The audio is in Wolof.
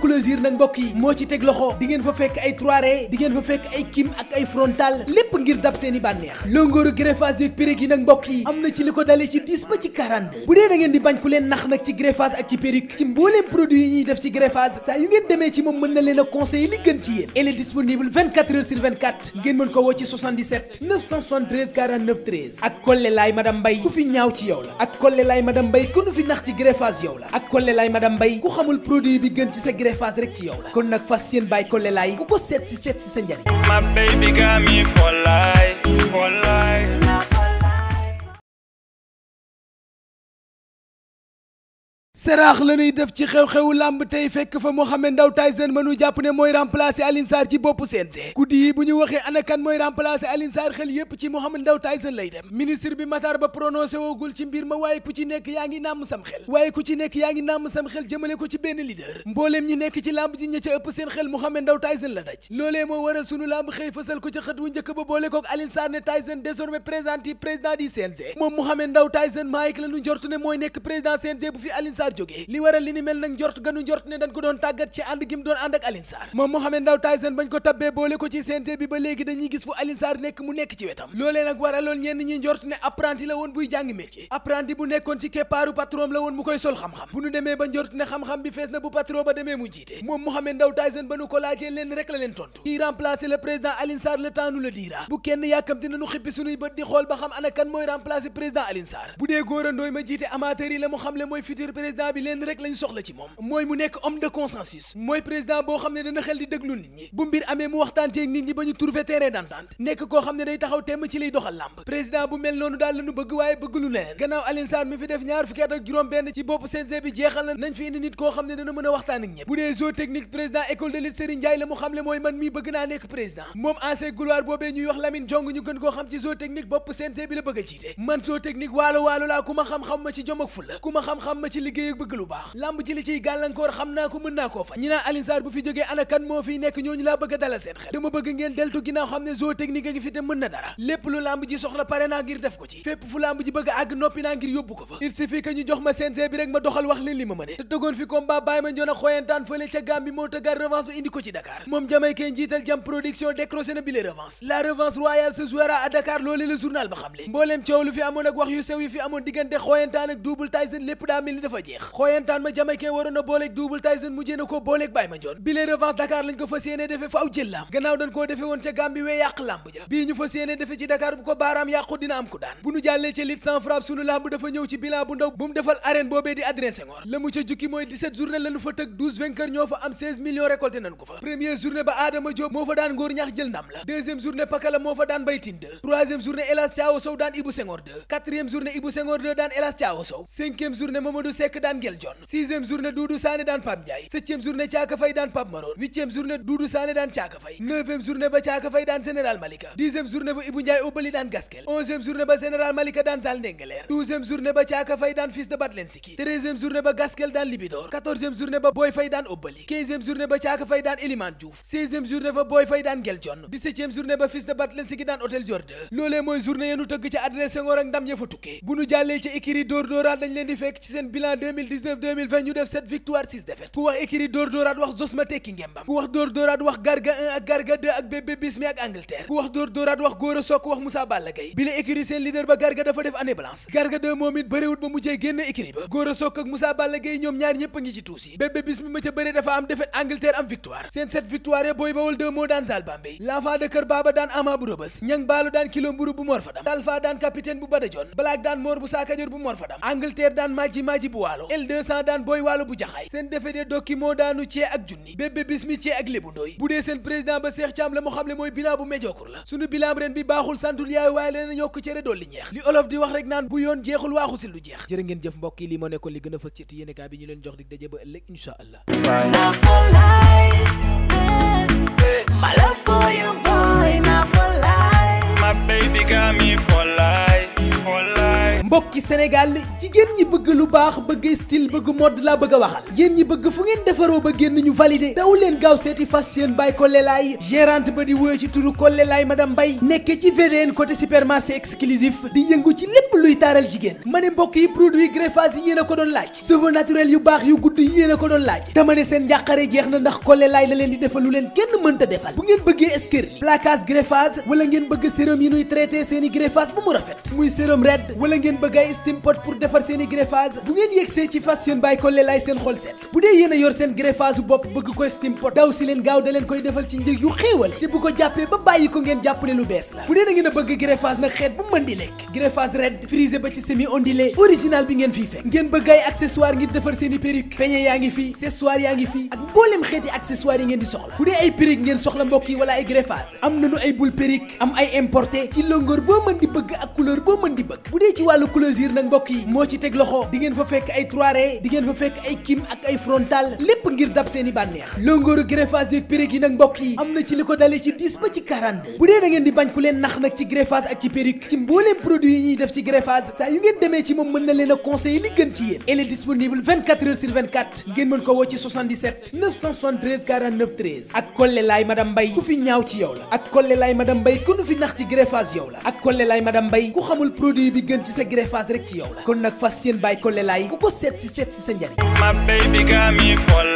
clôture nag mbokk yi moo ci teg loxo di ngeen fa fekk ay trois di ngeen fa fekk ay kim ak ay frontal lépp ngir dab seen bànneex longooru greffage yeeg périg yi nag mbokk yi am na ci li ko dalee ci 10 ba ci 42 bu dee da di bañ ku leen nax nag ci greffage ak ci périg ci mbooleem produit yi ñuy def ci greffage saa yu ngeen demee ci moom mën na leen a li gën ci yéen elle disponible ngeen mën ko woo ak Kolle laay madame Mbaye ku fi ñaaw Serigne ci yow kon nag fas yéen bàyyi ko lelaay ku ko seet si seet si sa njariñ. My baby got me for life, for seraax la ñuy def ci xew-xewu làmb tey fekk fa Mohamed Ndao Tyson mënu jàpp ne mooy remplacer Alioune Sarr ci bopp CNG guddi yi bu ñu waxee ana mooy remplacer Alioune Sarr xel yépp ci Mohamed Ndao Tyson bi Matar Ba nekk xel waaye ku ci nekk yaa ngi nàmm sam xel jëmale ko ci benn leader mbooleem ñi nekk ci lamb ji ña ca ëpp seen xel Mohamed Ndao Tyson la daj loolee moo waral sunu lamb xëy fësal ko ci xët wu njëkk ba boole kook Alioune ne Tyson désormais présenté Sarr li waral li ni mel nag njort ganu njort ne dañ ko doon tàggat ci ànd gi mu doon ànd ak Alioune moom Mohamed Ndao Tyson bañ ba nu ko laajee leen rek la leen tontu kii remplacer le président Alioune Sarr le temps nous bu kenn yàkkamti nañu xippi suñuy bët di xool ba xam ana mooy remplacer président Alioune bu dee góorandooy ma jiite amateur yi la mu xamle mooy futur président président bi leen rek lañ soxla ci moom mooy mu nekk homme de consensus mooy président boo xam ne dana xel di déglu nit ñi bu mbir amee mu waxtaan ceeg nit ñi ba ñu trouver terrain d'entente nekk koo xam ne day taxaw temm ci liy doxal làmb président bu mel noonu daal lañu bëgg waaye bëgg lu leneen gannaaw Alioune mi fi def ñaar fukki ak juróom benn ci bopp CNG bi jeexal na nañ fi indi nit koo xam ne dana mën waxtaan ak ñëpp bu dee zoo technique président liggéey ji li ciy gàllankoor xam naa ko mën naa koo faj ñi naan bu fi jógee ana moo fiy nekk ñooñu laa bëgg dalal seen xel dama bëgg ngeen deltu ginnaaw xam ne zoo technique a ngi fi te mën na dara lépp lu lamb ji soxla pare naa ngir def ko ci fépp fu lamb ji bëgg àgg noppi naa ngir yóbbu ko fa il suffit que ñu jox ma CNG bi rek ma doxal wax leen li ma mëne te tëggoon fi combat Baye Mandione ak Xoyantaan fële ca Gambie moo tëggaat revanche neex xooyantaan ma jamaykee waroon a booleeg Tyson mujjee na ko booleeg Baye Mandione bi lee revanche Dakar lañ ko fas yéene defe fa jël laam gannaaw dañ koo defe woon ca Gambie wee lamb ja bii ñu fas yéene defe ci Dakar bu ko baaraam yàqu dina am ku daan bu nu jàllee ca lit sans frappe sunu lamb dafa ñëw ci bilan bu ndaw bu mu defal arène boobee di Adrien Senghor la ca jukki mooy 17 journée lañu fa tëg 12 ñoo fa am 16 millions daan journée Doudou Sané daan Pape Ndiaye septième journée ba Thiaka Faye daan Général Malika dixième journée ba Ibou Ndiaye Obali daan Gaskel onzième journée ba Général Malika daan Zal Ndengeleer douzième journée ba Thiaka Faye daan Fils de Batlensiki treizième journée ba Gaskel daan Libidor quatorzième journée ba Boy Faye daan Obali quinzième journée ba Thiaka Faye daan Elimane Diouf seizième journée ba Boy Faye daan Ngel Jon dix-septième journée ba Fils ñu def 7 victoire 6 défaite ku wax écurie dóor dóoraat wax Zos ma tekki ngembam ku wax dóor dóoraat wax Garga 1 ak Garga Bismi ak Angleterre ba Garga dafa def année blanche Garga 2 moom it bëriwut ba mujjee génn écurie ba Gora Sock ak Moussa Balla Gaye ñoom ñaar ñëpp a ngi ci tuusi bébé Bismi ma ca bëre dafa am défaite Angleterre am victoire seen 7 victoire ya Boy Bawol moo daan Zal Bambey Kër Baba daan Ama bu Rëbës Ñang Baalu daan L200 daan booy wàllu bu jaxaay seen defe de dokki moo daanu cee ak junni bébé bis cee ak lébu bu dee seen président ba Cheikh Thiam la mu xam mooy bilan bu médiocre la suñu bilan ren bi baaxul santul yaay waaye leneen yokk cere dool ñeex li olof di wax rek naan bu yoon jeexul waaxu si lu jeex jërë ngeen jëf mbokk lii moo li gën a fës ci yéenekaay bi ñu leen jox dig daje ba ëllëg insha allah mbokki Sénégal jigéen ñi bëgg lu baax bëgg style bëgg mode laa bëgg a waxal yéen ñi bëgg fu ngeen defaroo ba génn ñu validé daw leen gaaw seeti fas yéen bay Collé Laye gérante ba di wóyoo ci turu Collé Laye madame Mbaye nekk ci VDN côté supermarché exclusif di yëngu ci lépp luy taaral jigéen ma ne mbokk yi produit greffage yi yéen a ko doon laaj cheveux naturel yu baax yu gudd yi yéen a ko doon laaj dama ne seen njàqare jeex na ndax Collé la leen di defal lu leen kenn mënta defal ngeen bëggee escurlin plaquage greffage wala ngeen bëgg sérum yi nuy traité seen i greffage bu mu rafet muy wala ngeen bëgg ay steam pot pour defar seen i greffage bu ngeen yegsee ci dee yéen ngeen a bëgg greffage nag ngir defar seen i perruque peñe yaa ngi fii accessoire yaa ngi fii ak mboolem xeeti accessoire yi ngeen di soxla bu dee ay perruque ngeen soxla mbokk yi wala ay greffage am nañu ay boule perruque am ay importé ci longueur boo mën di bëgg ak couleur boo mën di bëgg bu dee ci wàllu clôture nag mbokk yi moo ci teg loxo di fa fekk ay trois raies di fa fekk ay kim ak ay frontal lépp ngir dab seen bànneex longooru greffage yeeg périg yi nag mbokk yi am na ci li ko dalee ci 10 ba ci 42 bu dee da di bañ ku leen nax nag ci greffage ak ci périg ci mbooleem produit yi ñuy def ci greffage saa yu ngeen demee ci moom mën na leen a li gën ci yéen elle disponible ngeen mën ko woo ak kolle laay madame Mbaye ku fi ñaaw greffage rek ci yow kon nag fas yéen ko lelaay ku ko seet si seet si sa baby got me for